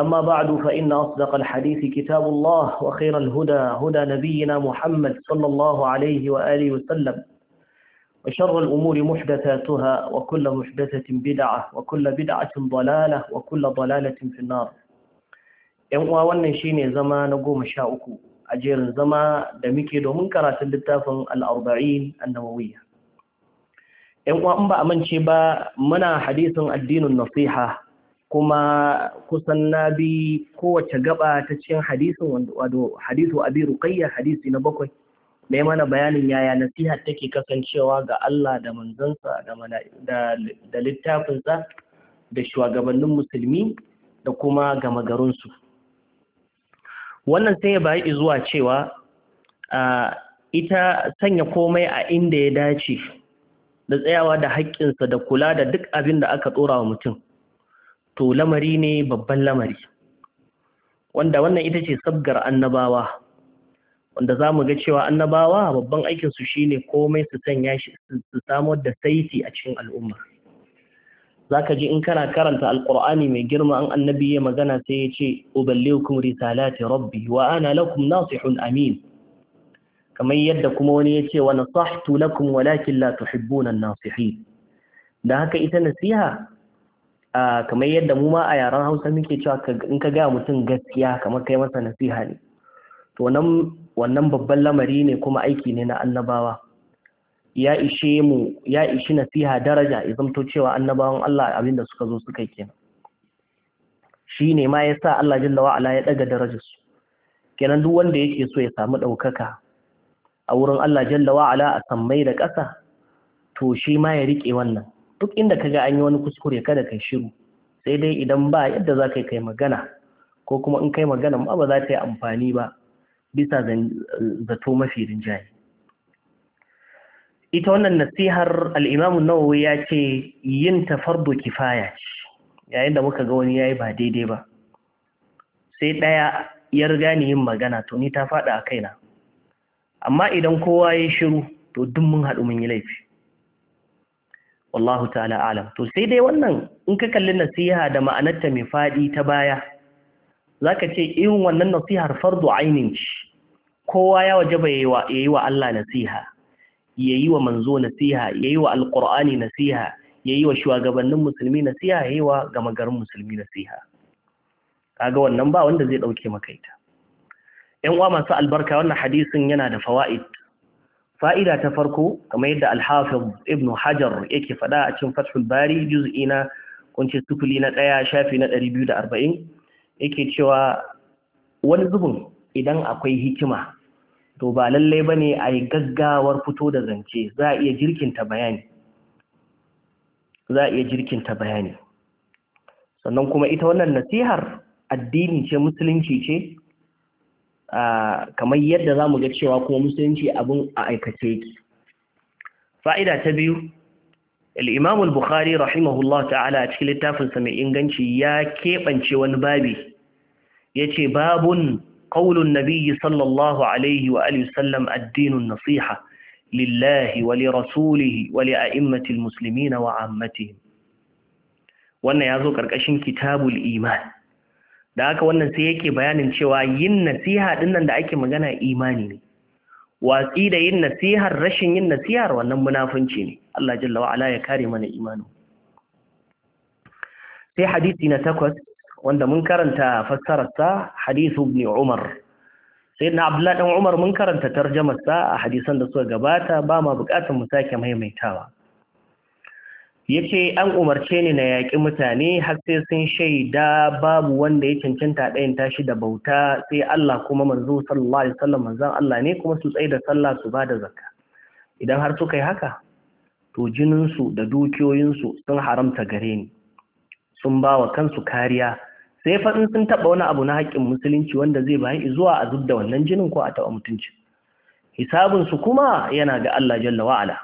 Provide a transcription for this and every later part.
أما بعد فإن أصدق الحديث كتاب الله وخير الهدى هدى نبينا محمد صلى الله عليه وآله وسلم وشر الأمور محدثاتها وكل محدثة بدعة وكل بدعة ضلالة وكل ضلالة في النار ينقوى wannan shine zama na goma sha uku a jerin zama da muke domin karatun littafin al-arba'in an-nawawiyya yan uwa in ba amince ba muna hadisin addinin nasiha kuma kusan na bi kowace gaba ta cikin hadisin wato hadisu abi rukayya, hadisi na bakwai mai mana bayanin yaya nasiha take kasancewa ga Allah da manzansa da littafinsa da shugabannin musulmi da kuma gama garinsu wannan sai ya bayi zuwa cewa a ita sanya komai a inda ya dace da tsayawa da haƙƙinsa da kula da duk abin da aka ɗora wa mutum to lamari ne babban lamari wanda wannan ita ce sabgar annabawa wanda za mu ga cewa annabawa babban aikinsu shi ne komai su sanya shi su samar da saiti a cikin al'umma za ka ji in kana karanta alkur'ani mai girma an annabi ya magana sai ya ce uballikum risalati rabbi wa ana lakum nasihun amin kamar yadda kuma wani ya ce wa nasahtu lakum walakin la tuhibbuna an-nasihin da haka ita nasiha kamar yadda mu ma a yaren hausa muke cewa in ka gaya mutum gaskiya kamar kai masa nasiha ne to wannan babban lamari ne kuma aiki ne na annabawa ya ishe mu ya ishi nasiha daraja ya zamto cewa annabawan Allah abinda suka zo suka kenan shi ne ma ya sa Allah jalla ala ya daga su kenan duk wanda yake so ya samu ɗaukaka a wurin Allah jalla ala a sammai da ƙasa to shi ma ya rike wannan duk inda ka ga an yi wani kuskure kada kai shiru sai dai idan ba yadda za ka kai magana ko kuma in kai magana ma ba za ta yi amfani ba bisa zato mafi rinjaye ita wannan nasihar al'imamun nawawi ya ce yin tafardo kifaya ce yayin da muka ga wani ya yi ba daidai ba sai ɗaya yar riga yin magana to ni ta faɗa a kaina amma idan kowa ya shiru to duk mun haɗu mun yi laifi wallahu ta'ala alam to sai dai wannan in ka kalli nasiha da ma'anarta mai fadi ta baya zaka ce irin wannan nasihar fardu ainin shi. kowa ya wajaba yayi wa Allah nasiha yayi wa manzo nasiha yayi wa alqur'ani nasiha yayi wa shugabannin musulmi nasiha yayi wa gamagarin musulmi nasiha kaga wannan ba wanda zai dauke maka ita ƴan uwa masu albarka wannan hadisin yana da fawaid fa'ida ta farko kamar yadda alhafiz ibn hajar yake faɗa a cin fathul bari juz'i na kunci sufuli na ɗaya shafi na ɗari biyu da arba'in yake cewa wani zubin idan akwai hikima to ba lallai ba ne a yi gaggawar fito da zance za a iya jirkinta bayani bayani sannan kuma ita wannan nasihar addini ce musulunci ce kamar yadda za mu ga cewa kuma musulunci abin a aikace yake fa'ida ta biyu Al'imamul bukhari rahimahullah ta'ala a cikin littafinsa mai inganci ya keɓance wani babi ya ce babun ƙaunin nabiyyi sallallahu alaihi wa sallam addinin nasiha lillahi wa li rasulihi wa li a'immatil muslimina wa ammatihim wannan ya zo ƙarƙashin kitabul iman da haka wannan sai yake bayanin cewa yin nasiha din nan da ake magana imani ne watsi da yin nasihar rashin yin nasihar wannan munafunci ne Allah jalla wa ala ya kare mana imani sai hadisi na takwas wanda mun karanta fassararsa Hadisu ibn Umar sai na Abdullah dan Umar mun karanta tarjamarsa a hadisan da suka gabata ba ma bukatun mu sake maimaitawa ya ce an umarce ni na yaƙi mutane har sai sun shaida babu wanda ya cancanta ɗayan tashi da bauta sai Allah kuma manzo sallallahu alaihi wasallam manzon Allah ne kuma su tsaye da sallah su ba da zakka idan har suka yi haka to jininsu da dukiyoyinsu sun haramta gare ni sun ba wa kansu kariya sai fa sun taba wani abu na haƙƙin musulunci wanda zai bayi zuwa a zubda wannan jinin ko a taɓa mutunci hisabinsu kuma yana ga Allah jalla wa'ala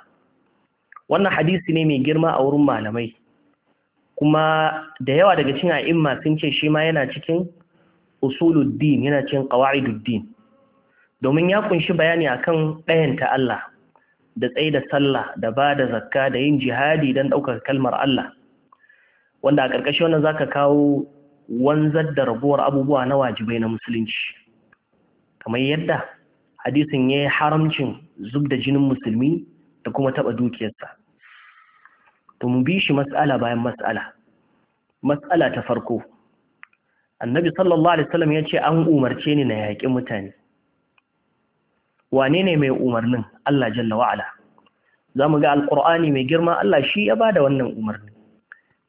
wannan hadisi ne mai girma a wurin malamai kuma da yawa daga cikin a'imma sun ce shi ma yana cikin usuluddin yana cikin qawaiduddin domin ya kunshi bayani akan ɗayan ta Allah da tsaye da sallah da ba da zakka da yin jihadi don ɗaukar kalmar Allah wanda a ƙarƙashin wannan zaka kawo wanzar da rabuwar abubuwa na wajibai na musulunci kamar yadda hadisin ya yi haramcin zub jinin musulmi da kuma taɓa dukiyarsa to mu bi shi mas'ala bayan mas'ala mas'ala ta farko annabi sallallahu alaihi wasallam ya ce an umarce ni na yaƙi mutane wane ne mai umarnin Allah jalla wa'ala za mu ga alƙur'ani mai girma Allah shi ya ba da wannan umarni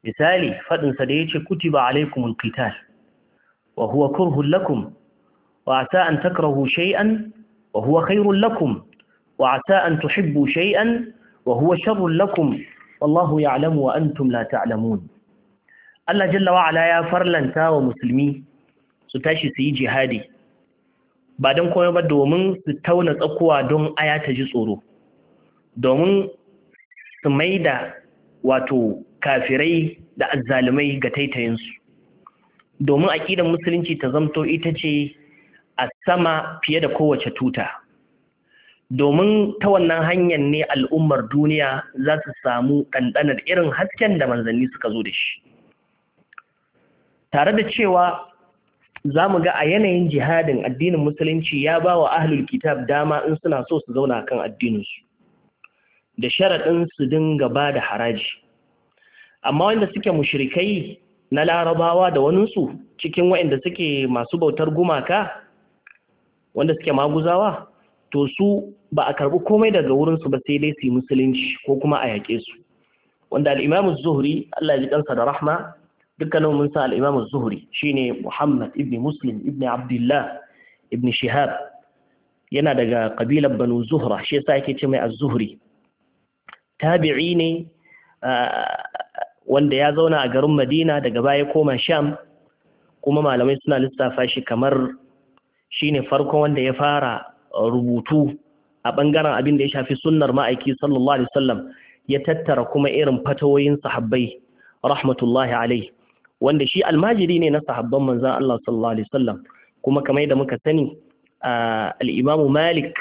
misali faɗinsa da ya ce kutiba alaikumul qital wa huwa kurhun lakum wa asa an takrahu shay'an wa huwa lakum وعسى أن تحبوا شيئا وهو شر لكم والله يعلم وأنتم لا تعلمون Allah jalla wa ala ya farlanta wa musulmi su tashi su yi jihadi ba don komai ba domin su tauna tsakuwa don aya ta ji tsoro domin su maida wato kafirai da azzalumai ga taitayinsu domin aƙidar musulunci ta zamto ita ce a sama fiye da kowace tuta domin ta wannan hanyar ne al'ummar duniya za su samu ɗanɗanar irin hasken da manzanni suka zo da shi tare da cewa za mu ga a yanayin jihadin addinin musulunci ya ba wa ahlul kitab dama in suna so su zauna kan addininsu da sharaɗin su dinga ba da haraji amma wanda suke mushirikai na larabawa da waninsu cikin waɗanda suke masu bautar gumaka wanda suke maguzawa to su ba a karbi komai daga wurin su ba sai dai su musulunci ko kuma a yaƙe su wanda al'imamu zuhri Allah ya ji kansa da rahma dukkanin mun sa al'imamu zuhri shine muhammad ibn muslim ibn abdullah ibn shihab yana daga kabilar banu zuhra shi yasa yake ce mai az-zuhri tabi'i ne wanda ya zauna a garin madina daga baya koma sham kuma malamai suna lissafa shi kamar shine farkon wanda ya fara rubutu a ɓangaren abin da ya shafi sunnar ma'aiki sallallahu alaihi wasallam ya tattara kuma irin fatawoyin sahabbai rahmatullahi alaihi wanda shi almajiri ne na sahabban manzan Allah sallallahu alaihi wasallam kuma kamar da muka sani al Malik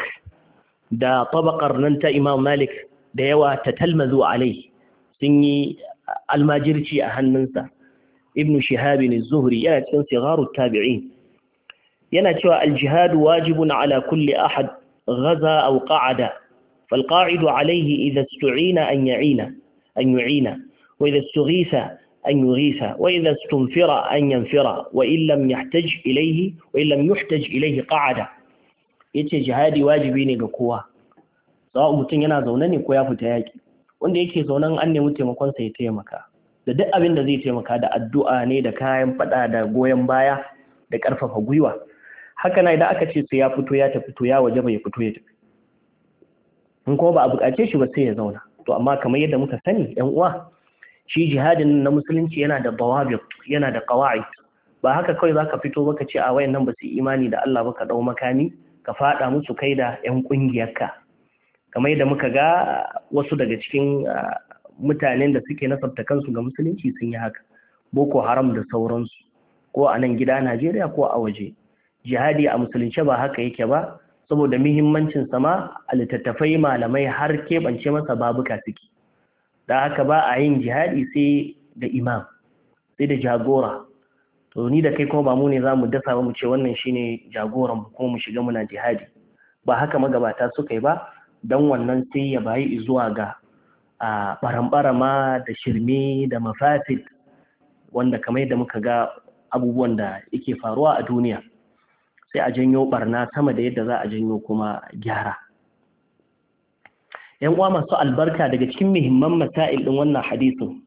da tabaqar nan ta Imam Malik da yawa ta talmazu alai sun yi almajirci a hannunsa Ibn Shihab ne Zuhri yana cikin sigarut tabi'in yana cewa aljihadu wajibun ala kulli ahad ghaza aw qa'ada fal qa'idu alayhi idha istu'ina an ya'ina an yu'ina wa idha istughisa an yughisa wa idha an yanfira wa in lam yahtaj ilayhi wa in lam yuhtaj ilayhi qa'ada yace jihadi wajibi ne ga kowa sawa mutum yana zaune ne ko ya fita yaki wanda yake zaunen an nemi taimakon sa ya taimaka da duk abin da zai taimaka da addu'a ne da kayan fada da goyon baya da ƙarfafa gwiwa haka na idan aka ce sai ya fito ya tafi to ya waje bai fito ya tafi in kuma ba a buƙace shi ba sai ya zauna to amma kamar yadda muka sani yan uwa shi jihadin na musulunci yana da bawabi yana da qawaid ba haka kawai zaka fito ka ce a wayannan ba su imani da Allah ba ka dau makami ka faɗa musu kai da yan kungiyarka kamar yadda muka ga wasu daga cikin mutanen da suke nasabta kansu ga musulunci sun yi haka boko haram da sauransu ko a nan gida Najeriya ko a waje jihadi a musulunce ba haka yake ba saboda muhimmancin sama a littattafai malamai har keɓance masa babuka suke da haka ba a yin jihadi sai da imam sai da jagora to ni da kai kuma ba mu ne za mu dasa ba mu ce wannan shine jagoran mu kuma mu shiga muna jihadi ba haka magabata suka yi ba don wannan sai ya bayi zuwa ga a ɓaramɓarama da shirme da mafatid wanda kamar yadda muka ga abubuwan da yake faruwa a duniya sai a janyo barna sama da yadda za a janyo kuma gyara yan uwa masu albarka daga cikin muhimman masail din wannan hadisin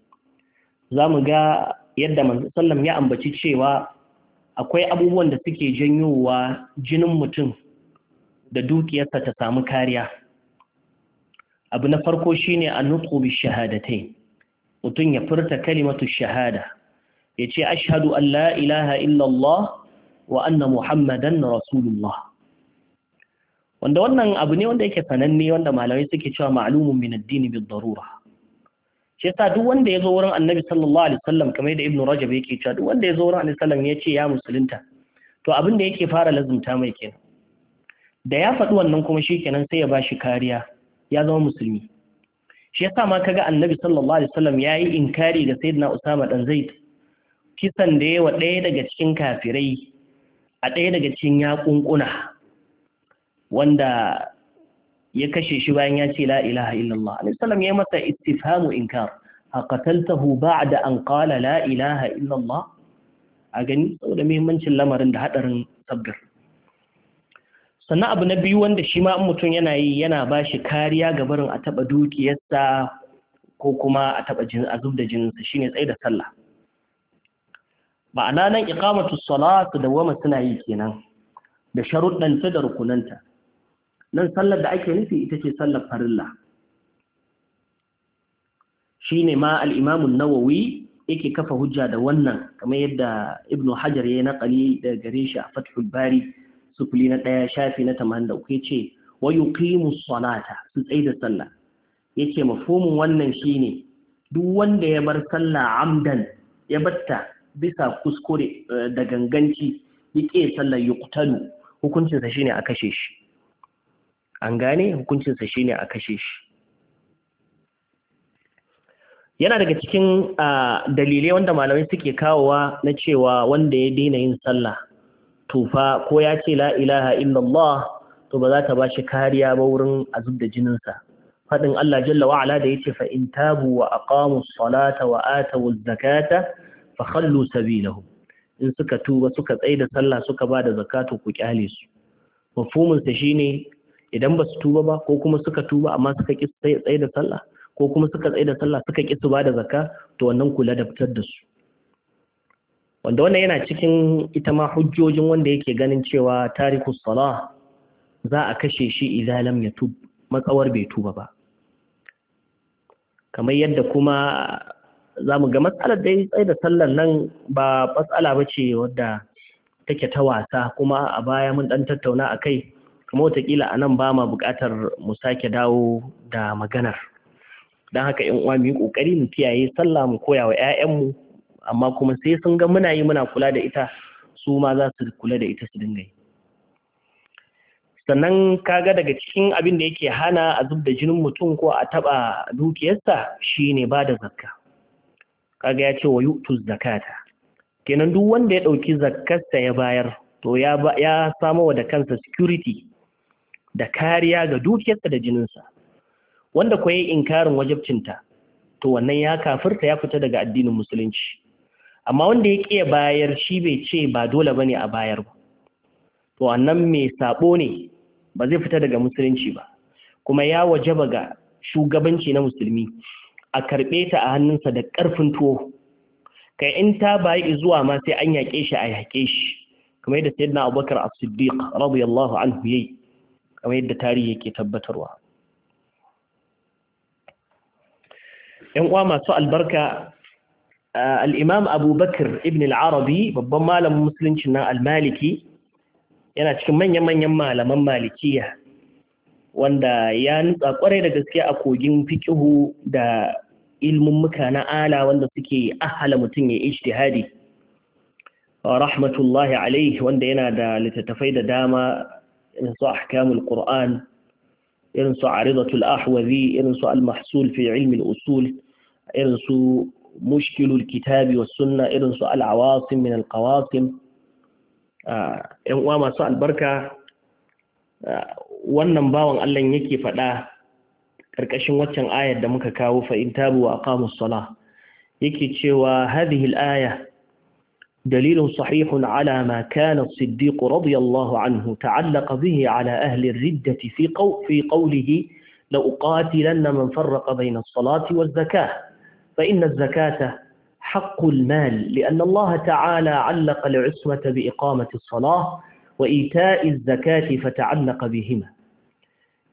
za mu ga yadda manzo sallam ya ambaci cewa akwai abubuwan da suke janyowa jinin mutum da dukiyarsa ta samu kariya abu na farko shine a bi shahadatai mutum ya furta kalimatu shahada yace ashhadu Allah la ilaha illallah wa anna muhammadan rasulullah wanda wannan abu ne wanda yake sananne wanda malamai suke cewa ma'lumun min addini bi darura shi yasa duk wanda ya zo wurin annabi sallallahu alaihi wasallam kamar da ibnu rajab yake cewa duk wanda ya zo wurin annabi sallallahu alaihi wasallam ya ce ya musulunta to abin da yake fara lazumta mai kenan da ya faɗi wannan kuma shi kenan sai ya bashi kariya ya zama musulmi shi yasa ma kaga annabi sallallahu alaihi wasallam yayi inkari ga sayyidina usama dan zaid kisan da yawa ɗaya daga cikin kafirai a ɗaya daga cikin yaƙunƙuna wanda ya kashe shi bayan ya ce la ilaha illallah alaihissalam ya masa istifhamu inkar a qataltahu ba'da an qala la ilaha illallah a gani saboda muhimmancin lamarin da hadarin sabgar sannan abu na biyu wanda shi ma mutum yana yi yana ba shi kariya ga barin a taɓa dukiyarsa ko kuma a taɓa jin zub da jininsa shine tsaye da sallah ma'ana nan iqamatu salatu da wama suna yi kenan da sharuɗanta da rukunanta nan sallar da ake nufi ita ce sallar farilla shine ma al-Imam an-Nawawi yake kafa hujja da wannan kamar yadda Ibn Hajar ya naqali da gare shi a Fathul Bari Sufli na ɗaya shafi na 83 yace wa yuqimu salata su tsaida da sallah yace mafhumin wannan shine duk wanda ya bar sallah amdan ya batta bisa kuskure eh, da ganganci yake sallar yuqtalu Hukuncinsa shi shine a kashe shi an gane hukuncinsa shi shine a kashe shi yana daga cikin ah, dalilai wanda malamai suke kawowa na cewa wanda ya daina yin sallah tufa, ko ya ce la ilaha illallah to ba za ta ba shi kariya ba wurin zub da jininsa faɗin Allah jalla wa'ala da ya ce fa in tabu wa aqamu salata wa atawu zakata fa khallu in suka tuba suka tsaida sallah suka ba da zakatu ku kyale su mafhumin sa shine idan ba su tuba ba ko kuma suka tuba amma suka ki tsaida sallah ko kuma suka tsaida sallah suka ki su ba da zakka to wannan kula da fitar da su wanda wannan yana cikin ita ma hujjojin wanda yake ganin cewa tariku salah za a kashe shi idza lam yatub matsawar bai tuba ba kamar yadda kuma za mu ga matsalar dai tsaye da sallar nan ba matsala ba ce wadda take ta wasa kuma a baya mun dan tattauna a kai kuma watakila a nan ba ma buƙatar mu sake dawo da maganar don haka in uwa mu yi ƙoƙari mu kiyaye sallah mu koya wa 'ya'yanmu amma kuma sai sun ga muna yi muna kula da ita su ma za su kula da ita su dinga yi sannan kaga daga cikin abin da yake hana a zub da jinin mutum ko a taɓa dukiyarsa shine ba da zakka kaga ya ce wa yu'tu zakata kenan duk wanda ya dauki zakarsa ya bayar to ya ya wa da kansa security da kariya ga dukiyarsa da jininsa wanda ko yayi inkarin wajibcinta to wannan ya kafirta ya fita daga addinin musulunci amma wanda ya kiya bayar shi bai ce ba dole bane a bayar ba to wannan mai sabo ne ba zai fita daga musulunci ba kuma ya wajaba ga shugabanci na musulmi a karɓe ta a hannunsa da ƙarfin tuwo kai in ta bayi zuwa ma sai an yaƙe shi a yaƙe shi kamar yadda sayyidina abubakar as-siddiq radiyallahu anhu yayi kamar yadda tarihi yake tabbatarwa yan uwa masu albarka al-imam abubakar ibn al-arabi babban malamin musulunci na al-maliki yana cikin manya-manyan malaman malikiya wanda ya nutsa kwarai da gaske a kogin fikihu da ilmummuka na ala wanda suke ahala mutum ya yi ijtihadi rahmatullahi alaihi wanda yana da littattafai da dama irin su ahkamul qur'an irin su aridatul ahwazi irin su almahsul fi ilmi usul irin su mushkilul kitabi was sunna irin su alawasim min alqawasim ah, yan uwa masu albarka ah, wannan bawan Allah yake faɗa ƙarƙashin waccan ayar da muka kawo fa in tabu wa aqamu ssalah yake cewa hadhihi al-aya dalilun sahihun ala ma kana as-siddiq radiyallahu anhu ta'allaqa bihi ala ahli ar-riddati fi qaw fi qawlihi la uqatilanna man farraqa bayna as-salati waz-zakah fa inna az-zakata حق المال لأن الله تعالى علق العصمة بإقامة الصلاة وإيتاء الزكاة فتعلق بهما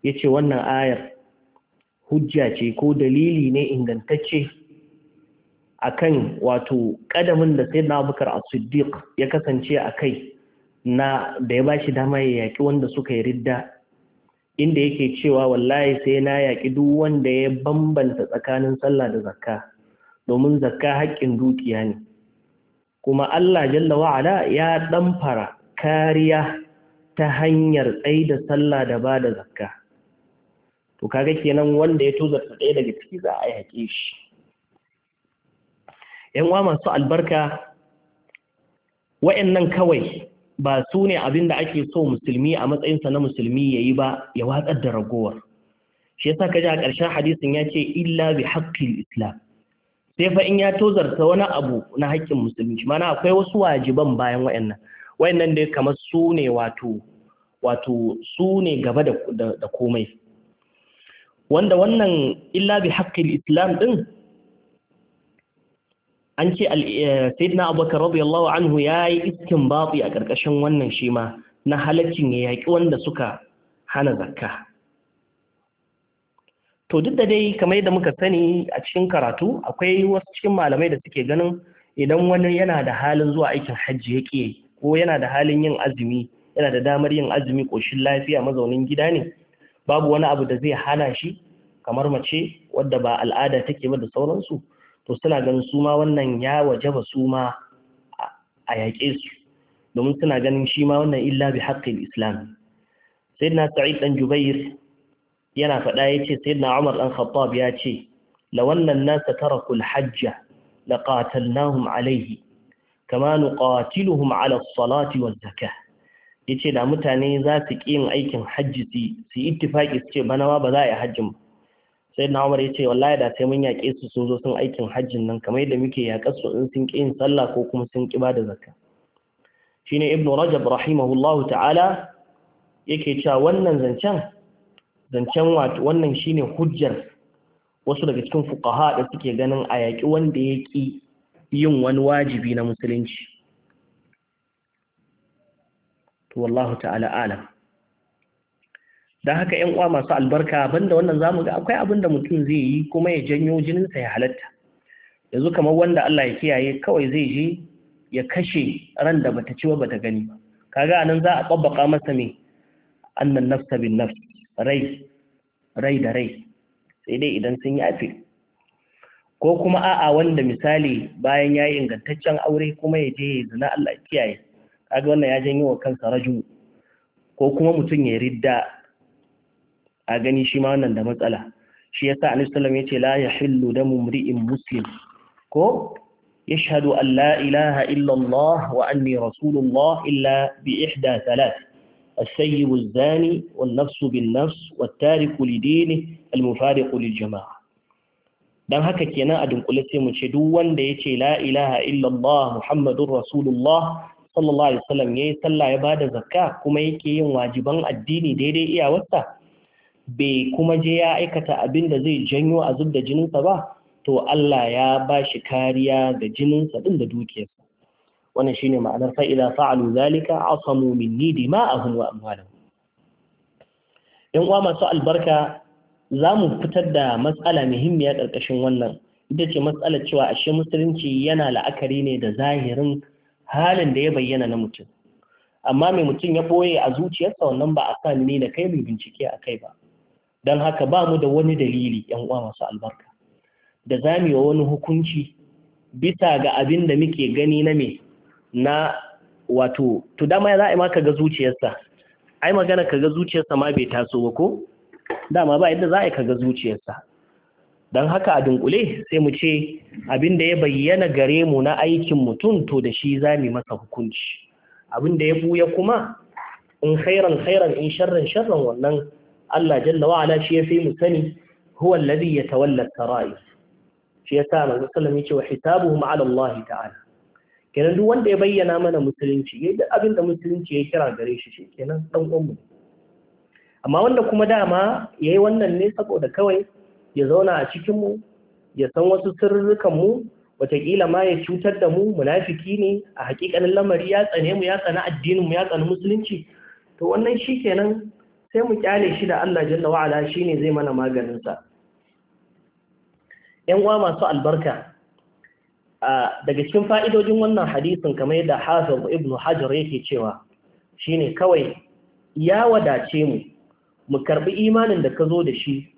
يتشي wannan ayar hujja ce ko dalili ne ingantacce A kan wato ƙadamin da sai na bukar as-siddiq ya kasance a kai na da ya bashi dama ya yaƙi wanda suka yi ridda inda yake cewa wallahi sai na yaƙi duk wanda ya bambanta tsakanin sallah da zakka domin zakka haƙƙin dukiya ne kuma Allah jalla wa'ala ya ɗamfara kariya ta hanyar tsaida sallah da ba da zakka to kaga kenan wanda ya tozarta ɗaya daga ciki za a yi haƙe shi yan uwa masu albarka wayannan kawai ba su ne abin da ake so musulmi a matsayinsa na musulmi ya yi ba ya watsar da ragowar shi yasa kaji a ƙarshen hadisin ya ce illa bi haƙƙin islam sai fa in ya tozarta wani abu na haƙƙin musulunci mana akwai wasu wajiban bayan wa'annan wayannan dai kamar su ne wato su ne gaba da komai wanda wannan illa bi haƙƙin islam ɗin an ce eh, sayyidina abubakar radiyallahu anhu ya yi iskin babu a ƙarƙashin wannan shi ma na halaccin ya yaƙi wanda suka hana zakka to duk da dai kamar da muka sani a cikin karatu akwai wasu cikin malamai da suke ganin idan wani yana da halin zuwa aikin hajji ya ƙi ko yana da halin yin azumi yana da damar yin azumi ƙoshin lafiya mazaunin gida ne babu wani abu da zai hana shi kamar mace wadda ba al'ada take ba da sauransu to suna ganin su ma wannan ya wajaba su ma a yaƙe su domin suna ganin shi ma wannan illa bi haƙƙin islam sayyidina sa'id dan jubair yana faɗa yace sayyidina umar dan khattab ya ce la wannan nasa tarakul hajja laqatalnahum alayhi kama nuqatiluhum ala as-salati waz-zakah ya ce da mutane za su ƙi yin aikin hajji su yi ittifaƙi su ce bana ba za a yi hajjin ba sai na umar ya ce wallahi da sai mun yaƙe su sun zo sun aikin hajjin nan kamar yadda muke yaƙa su in sun ƙi yin sallah ko kuma sun ƙi ba da zakka shine ibnu rajab rahimahullahu ta'ala yake cewa wannan zancen zancen wato wannan shine hujjar wasu daga cikin fuqaha da suke ganin a yaƙi wanda ya ƙi yin wani wajibi na musulunci to wallahu ta'ala alam dan haka yan uwa masu albarka banda wannan zamu ga akwai abin da mutum zai yi kuma ya janyo jinin sa ya halatta yanzu kamar wanda Allah ya kiyaye kawai zai je ya kashe ran da bata ci bata gani ba kaga anan za a babbaka masa me annan nafsa bin nafs rai rai da rai sai dai idan sun yafe ko kuma a'a wanda misali bayan yayi ingantaccen aure kuma ya je ya zina Allah kiyaye kaga wannan ya janyo wa kansa raju ko kuma mutum ya ridda a gani shi ma da matsala shi yasa annabi sallallahu alaihi wasallam yace la yahillu damu mri'in muslim ko يشهد أن لا إله إلا الله وأني رسول الله إلا بإحدى ثلاث السيب الزاني والنفس بالنفس والتارك لدينه المفارق للجماعة dan haka kenan a dunkule sai mu ce duk wanda yace la ilaha illallah muhammadun rasulullah sallallahu alaihi wasallam yayi sallah ya bada zakka kuma yake yin wajiban addini daidai iyawarsa bai kuma je ya aikata abin da zai janyo a zub da jininsa ba to Allah ya ba shi kariya ga jininsa din da dukiyarsa wannan shine ma'anar fa idza fa'alu zalika asamu minni dima'ahum wa amwalahum yan uwa masu albarka zamu fitar da matsala muhimmiya karkashin wannan ita ce matsalar cewa ashe musulunci yana la'akari ne da zahirin halin da ya bayyana na mutum amma mai mutum ya boye a zuciyarsa wannan ba a sa ni na kai mai bincike a kai ba don haka ba mu da wani dalili yan uwa masu albarka da za mu yi wani hukunci bisa ga abin da muke gani na me na wato to dama ya za a yi maka ga zuciyarsa ai magana ka ga zuciyarsa ma bai taso ba ko dama ba yadda za a yi ka ga zuciyarsa don haka a dunkule sai mu ce abin da ya bayyana gare mu na aikin mutum to da shi za mu masa hukunci abin da ya buya kuma in khairan khairan in sharran sharran wannan Allah jalla wa ala shi ya fi mu sani huwa alladhi yatawalla sarai shi yasa manzo sallallahu alaihi wa hisabuhum ala Allah ta'ala kenan duk wanda ya bayyana mana musulunci yayin da abin da musulunci ya kira gare shi shi kenan dan uwan mu amma wanda kuma dama yayi wannan ne saboda kawai ya zauna a cikinmu ya san wasu sirrukanmu wataƙila ma ya cutar da mu munafiki ne a haƙiƙanin lamari ya tsane mu ya tsane addininmu ya tsane musulunci to wannan shi kenan sai mu kyale shi da Allah jalla ala shi ne zai mana maganinsa ‘yan uwa masu albarka daga cikin fa'idojin wannan hadisin kamar yadda hafiz ibn hajar yake cewa shine kawai ya wadace mu mu karbi imanin da ka zo da shi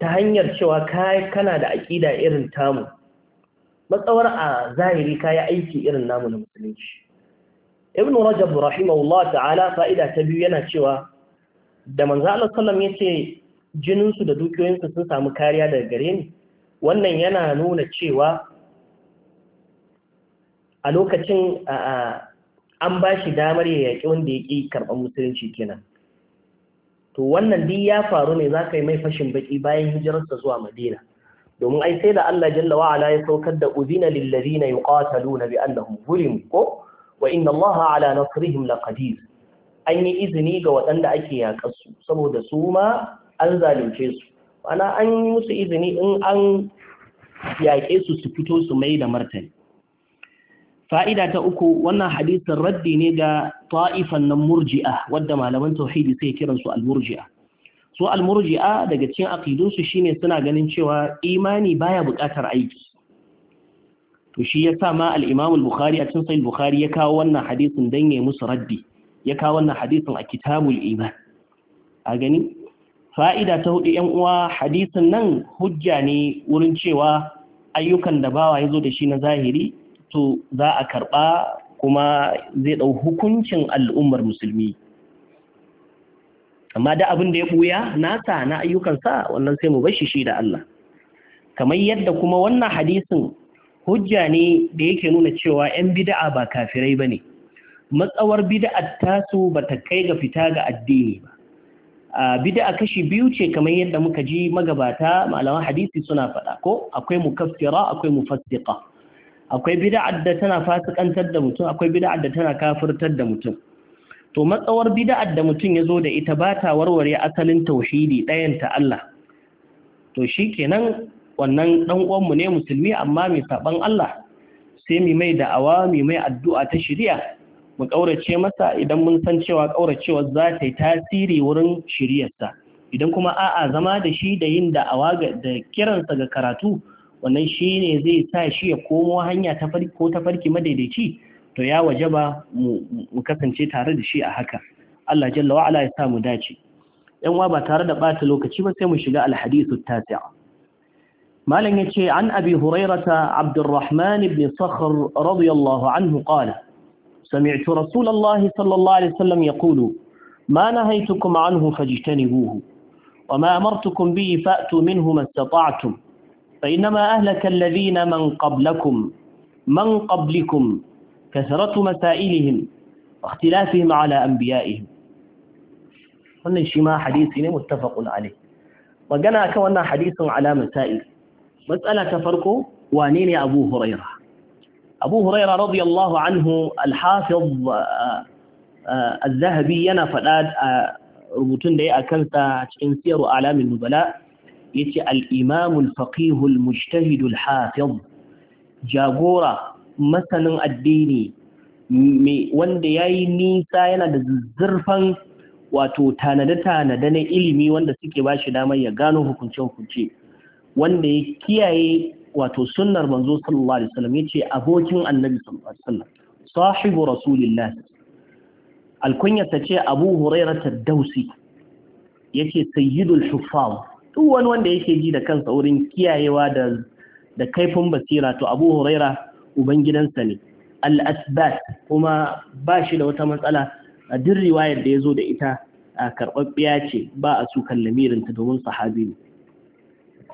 ta hanyar cewa kai kana da aƙida irin tamu matsawar a zahiri kayi aiki irin namu na musulunci ibn rajab rahimahullah ta'ala fa'ida ta biyu yana cewa da manzo Allah sallam yace jinin su da dukiyoyin sun samu kariya daga gare ni wannan yana nuna cewa a lokacin an ba shi damar ya yaƙi wanda ya ƙi karɓar musulunci kenan to wannan duk ya faru ne za ka yi mai fashin baki bayan hijirarsa zuwa madina domin ai sai da Allah jalla wa ala ya saukar da uzina lil ladina yuqataluna bi annahum zulim ko wa inna allaha ala nasrihim laqadir an yi izini ga waɗanda ake yaƙarsu saboda su ma an zalunce su ana an yi musu izini in an yaƙe su su fito su mai da martani fa'ida ta uku wannan hadisin raddi ne ga ta'ifan nan murji'a wadda malaman tauhidi sai kiransu al-murji'a su al-murji'a daga cikin aqidunsu shine suna ganin cewa imani baya buƙatar aiki to shi ya sa ma alimamul imam bukhari a cikin sai Bukhari ya kawo wannan hadisin dan yayi musu raddi ya kawo wannan hadisin a Kitabul Iman a gani fa'ida ta huɗu ƴan uwa hadisin nan hujja ne wurin cewa ayyukan da bawa zo da shi na zahiri to za a karɓa kuma zai ɗau hukuncin al'ummar musulmi amma da abin da ya ɓuya nasa na ayyukansa wannan sai mu bashi shi da Allah kamar yadda kuma wannan hadisin hujja ne da yake nuna cewa 'yan bida'a ba kafirai ba ne matsawar bida'ar tasu ba ta kai ga fita ga addini ba a bida'a kashi biyu ce kamar yadda muka ji magabata malaman hadisi suna faɗa ko akwai mukaffira akwai mufassiqa akwai bid'ar da tana fasikantar da mutum akwai bid'ar da tana kafirtar da mutum to matsawar bida'ar da mutum yazo da ita ba ta warware asalin tauhidi ɗayan ta Allah to shi kenan wannan ɗan uwanmu ne musulmi amma mai saban Allah sai mi mai da'awa mi mai addu'a ta shirya mu kaurace masa idan mun san cewa ƙauracewar za ta yi tasiri wurin shiryarsa idan kuma a'a zama da shi da yin da'awa da kiransa ga karatu wannan shi ne zai sa shi ya komo hanya ta farki ko ta farki madaidaici to ya ba mu kasance tare da shi a haka Allah jalla wa ala ya sa mu dace yan wa ba tare da bata lokaci ba sai mu shiga alhadithu tasi'a malam yace an abi hurairata abdurrahman ibn sakhr radiyallahu anhu qala سمعت رسول الله صلى الله عليه وسلم يقول ما نهيتكم عنه فاجتنبوه وما أمرتكم به فأتوا منه ما استطعتم فإنما أهلك الذين من قبلكم من قبلكم كثرة مسائلهم واختلافهم على أنبيائهم قلنا شما حديثين متفق عليه وقنا كونا حديث على مسائل مسألة فرق وانين أبو هريرة أبو هريرة رضي الله عنه الحافظ آه، آه، الذهبي ينفلاد آه، ربطن دي أكلت تنسير أعلام النبلاء yace al-imamul faqihul mujtahidul hafiz jagora masanin addini wanda yayi nisa yana da zurfan wato tanada tanada na ilimi wanda suke ba shi damar ya gano hukunce-hukunce wanda ya kiyaye wato sunnar manzo sallallahu alaihi wasallam yace abokin annabi sallallahu alaihi wasallam sahibu rasulillah alkunya ta ce abu hurairah ad-dausi yace sayyidul huffaz duk wani wanda yake ji da kansa wurin kiyayewa da da kaifin basira to Abu Huraira ubangidansa ne al-asbat kuma ba shi da wata matsala a duk riwayar da yazo da ita a karɓaɓɓiya ce ba a su kallamirin ta domin sahabi ne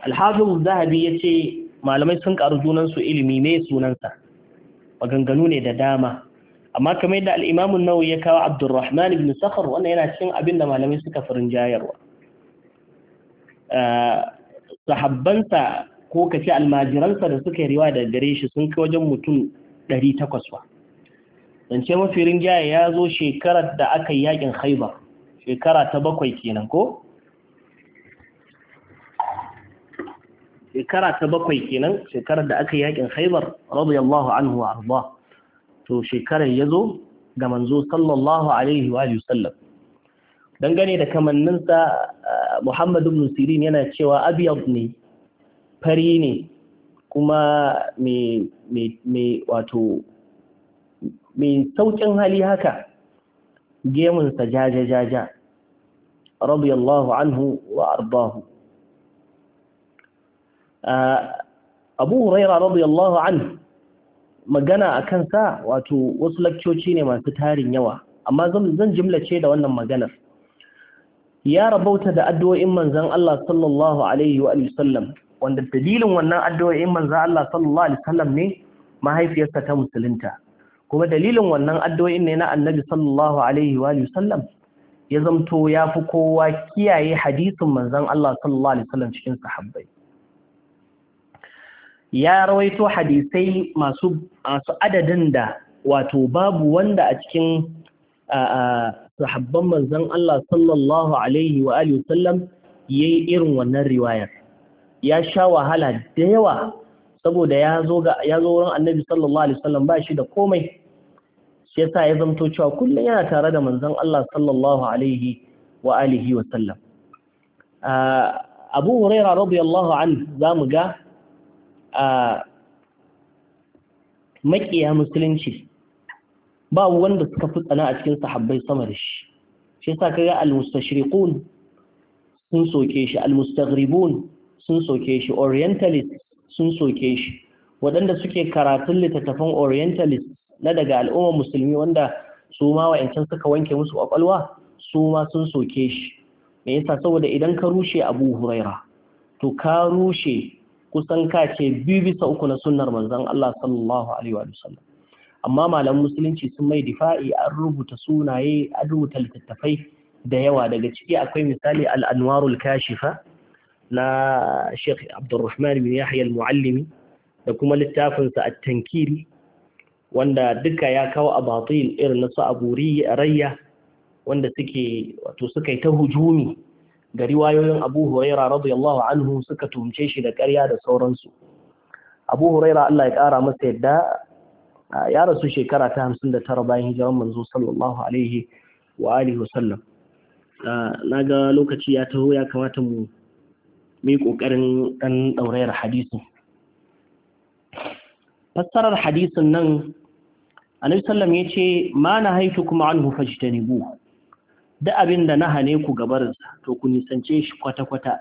al-hafiz zahabi yace malamai sun karu junan su ilimi ne sunansa maganganu ne da dama amma kamar yadda al-Imam an-Nawawi ya kawo Abdurrahman ibn Sakhr wannan yana cikin abin da malamai suka farin jayarwa sahabbansa ko ka ce almajiransa da suka yi riwa da gare shi sun kai wajen mutum 800 ba zance mafi rinjaye ya zo shekarar da aka yi yakin haibar shekara ta bakwai kenan ko? shekara ta bakwai kenan shekarar da aka yi yakin haibar radiyallahu anhu wa arba to shekarar ya zo ga manzo sallallahu alaihi wa sallam dangane da kamanninsa ah, Muhammadu ibn Sirin yana cewa abiyad ne fari ne kuma mai wato mai saukin hali haka gemunsa jaja-jaja radiyallahu anhu wa ardahu ah, abu huraira radiyallahu anhu magana a kansa wato wasu lakcoci ne masu tarin yawa amma zan jimlace da wannan maganar ya rabauta da addu'o'in manzan Allah sallallahu alaihi wa wanda dalilin wannan addu'o'in manzan Allah sallallahu alaihi ne mahaifiyarsa ta musulunta kuma dalilin wannan addu'o'in ne na annabi sallallahu alaihi wa’alisallam ya zamto ya fi kowa kiyaye hadisin manzan Allah sallallahu alaihi cikin sahabbai ya rawaito hadisai masu adadin da wato babu wanda a cikin sahabban manzon Allah sallallahu alaihi wa alihi sallam yayi irin wannan riwayar ya sha wahala da yawa saboda ya zo ga ya zo wurin Annabi sallallahu alaihi Sallam ba shi da komai shi yasa ya zamto cewa kullum yana tare da manzon Allah sallallahu alaihi wa alihi wa sallam Abu Hurairah radiyallahu anhu zamu ga maƙiya musulunci Babu wanda suka fi tsana a cikin sahabbai sama da shi shi yasa ga al-mustashriqun sun soke shi al-mustaghribun sun soke shi orientalist sun soke shi waɗanda suke karatun littattafan orientalist na daga al'ummar musulmi wanda su ma wa'ancan suka wanke musu kwakwalwa su ma sun soke shi me yasa saboda idan ka rushe abu huraira to ka rushe kusan kace ce uku na sunnar manzon Allah sallallahu alaihi wa sallam amma malaman musulunci sun mai difa'i an rubuta sunaye an rubuta littattafai da yawa daga ciki akwai misali al'anwarul kashifa na Sheikh abdurrahman bin Yahya al-Muallimi da kuma littafinsa at-Tankiri wanda duka ya kawo abatil irin na su aburi rayya wanda suke wato suka yi ta hujumi ga riwayoyin Abu Hurairah radiyallahu anhu suka tumce shi da karya da sauransu Abu Hurairah Allah ya kara masa yadda ya rasu shekara ta hamsin da tara bayan hijiran manzo sallallahu alaihi wa alihi wasallam ah, na ga lokaci ya taho ya kamata mu mai ƙoƙarin ɗan ɗaurayar hadisin fassarar hadisin nan annabi sallam ya ce ma na haifi kuma an hufa shi ta da abin da na hane ku gabarinsa to ku nisance shi kwata-kwata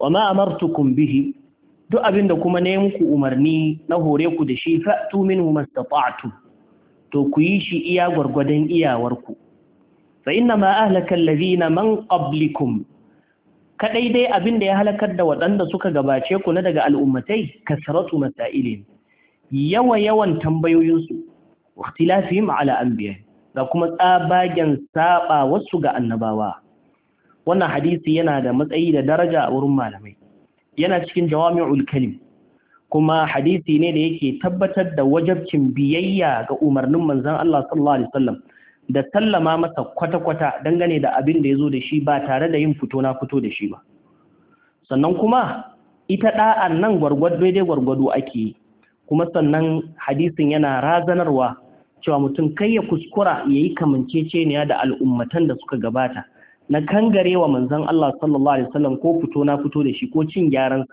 wa ma amartukum bihi duk abin da kuma ne muku umarni na hore ku da shi fa'tu minhu mastata'tu to ku yi shi iya gwargwadon iyawarku fa inna ma ahlaka allazina man qablikum kadai dai abin da ya halakar da waɗanda suka gabace ku na daga al'ummatai kasratu masailin yawa yawan tambayoyinsu ikhtilafihim ala anbiya da kuma tsabagen saba wasu ga annabawa wannan hadisi yana da matsayi da daraja a wurin malamai yana cikin jawami'ul kalim kuma hadisi ne da yake tabbatar da wajabcin biyayya ga umarnin manzon Allah sallallahu alaihi wasallam da sallama masa kwata-kwata dangane da abin da ya zo da shi ba tare da yin fito na fito da shi ba sannan kuma ita da'an nan gwargwado daidai gwargwado ake yi kuma sannan hadisin yana razanarwa cewa mutum kai ya kuskura ya yi kamanceceniya da al'ummatan da suka gabata na kangare wa manzon Allah sallallahu alaihi wasallam ko fito na fito da shi ko cin gyaran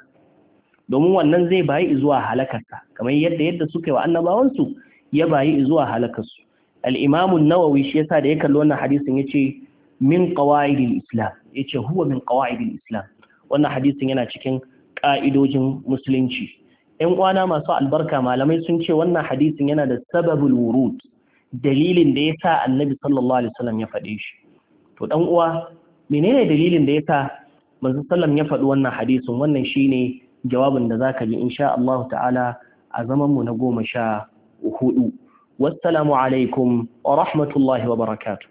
domin wannan zai bayi zuwa halakarsa kamar yadda yadda suka yi wa annabawansu ya bayi zuwa halakarsu al'imamun nawawi shi yasa da ya kalli wannan hadisin ce min qawaidil islam ya ce huwa min qawaidil islam wannan hadisin yana cikin ka'idojin musulunci ƴan uwana masu albarka malamai sun ce wannan hadisin yana da sababin wurud dalilin da ya sa annabi sallallahu alaihi wasallam ya faɗe shi to ɗan uwa menene dalilin da yasa manzo sallam ya faɗi wannan hadisin wannan shine jawabin da zaka ji insha Allah ta'ala a zaman mu na goma sha hudu wassalamu alaikum wa rahmatullahi wa barakatuh